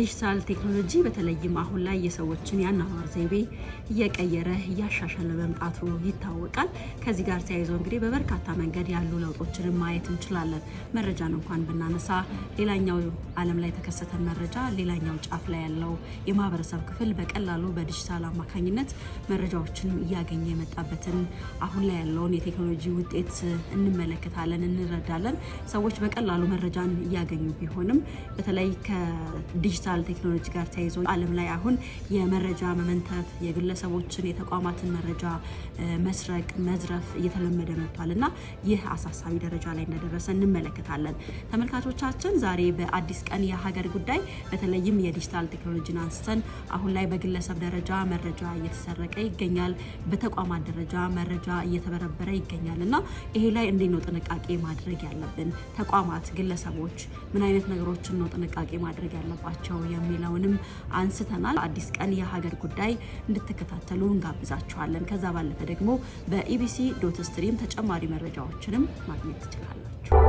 ዲጂታል ቴክኖሎጂ በተለይም አሁን ላይ የሰዎችን የአኗኗር ዘይቤ እየቀየረ እያሻሻለ መምጣቱ ይታወቃል። ከዚህ ጋር ተያይዞ እንግዲህ በበርካታ መንገድ ያሉ ለውጦችን ማየት እንችላለን። መረጃን እንኳን ብናነሳ ሌላኛው ዓለም ላይ የተከሰተ መረጃ ሌላኛው ጫፍ ላይ ያለው የማህበረሰብ ክፍል በቀላሉ በዲጂታል አማካኝነት መረጃዎችን እያገኘ የመጣበትን አሁን ላይ ያለውን የቴክኖሎጂ ውጤት እንመለከታለን፣ እንረዳለን። ሰዎች በቀላሉ መረጃን እያገኙ ቢሆንም በተለይ ከዲጂታል ከዲጂታል ቴክኖሎጂ ጋር ተያይዞ ዓለም ላይ አሁን የመረጃ መመንተፍ የግለሰቦችን የተቋማትን መረጃ መስረቅ፣ መዝረፍ እየተለመደ መጥቷል እና ይህ አሳሳቢ ደረጃ ላይ እንደደረሰ እንመለከታለን። ተመልካቾቻችን ዛሬ በአዲስ ቀን የሀገር ጉዳይ በተለይም የዲጂታል ቴክኖሎጂን አንስተን አሁን ላይ በግለሰብ ደረጃ መረጃ እየተሰረቀ ይገኛል፣ በተቋማት ደረጃ መረጃ እየተበረበረ ይገኛል እና ይሄ ላይ እንዴት ነው ጥንቃቄ ማድረግ ያለብን? ተቋማት፣ ግለሰቦች ምን አይነት ነገሮችን ነው ጥንቃቄ ማድረግ ያለባቸው? ነው የሚለውንም አንስተናል። አዲስ ቀን የሀገር ጉዳይ እንድትከታተሉ እንጋብዛችኋለን። ከዛ ባለፈ ደግሞ በኢቢሲ ዶት ስትሪም ተጨማሪ መረጃዎችንም ማግኘት ትችላላችሁ።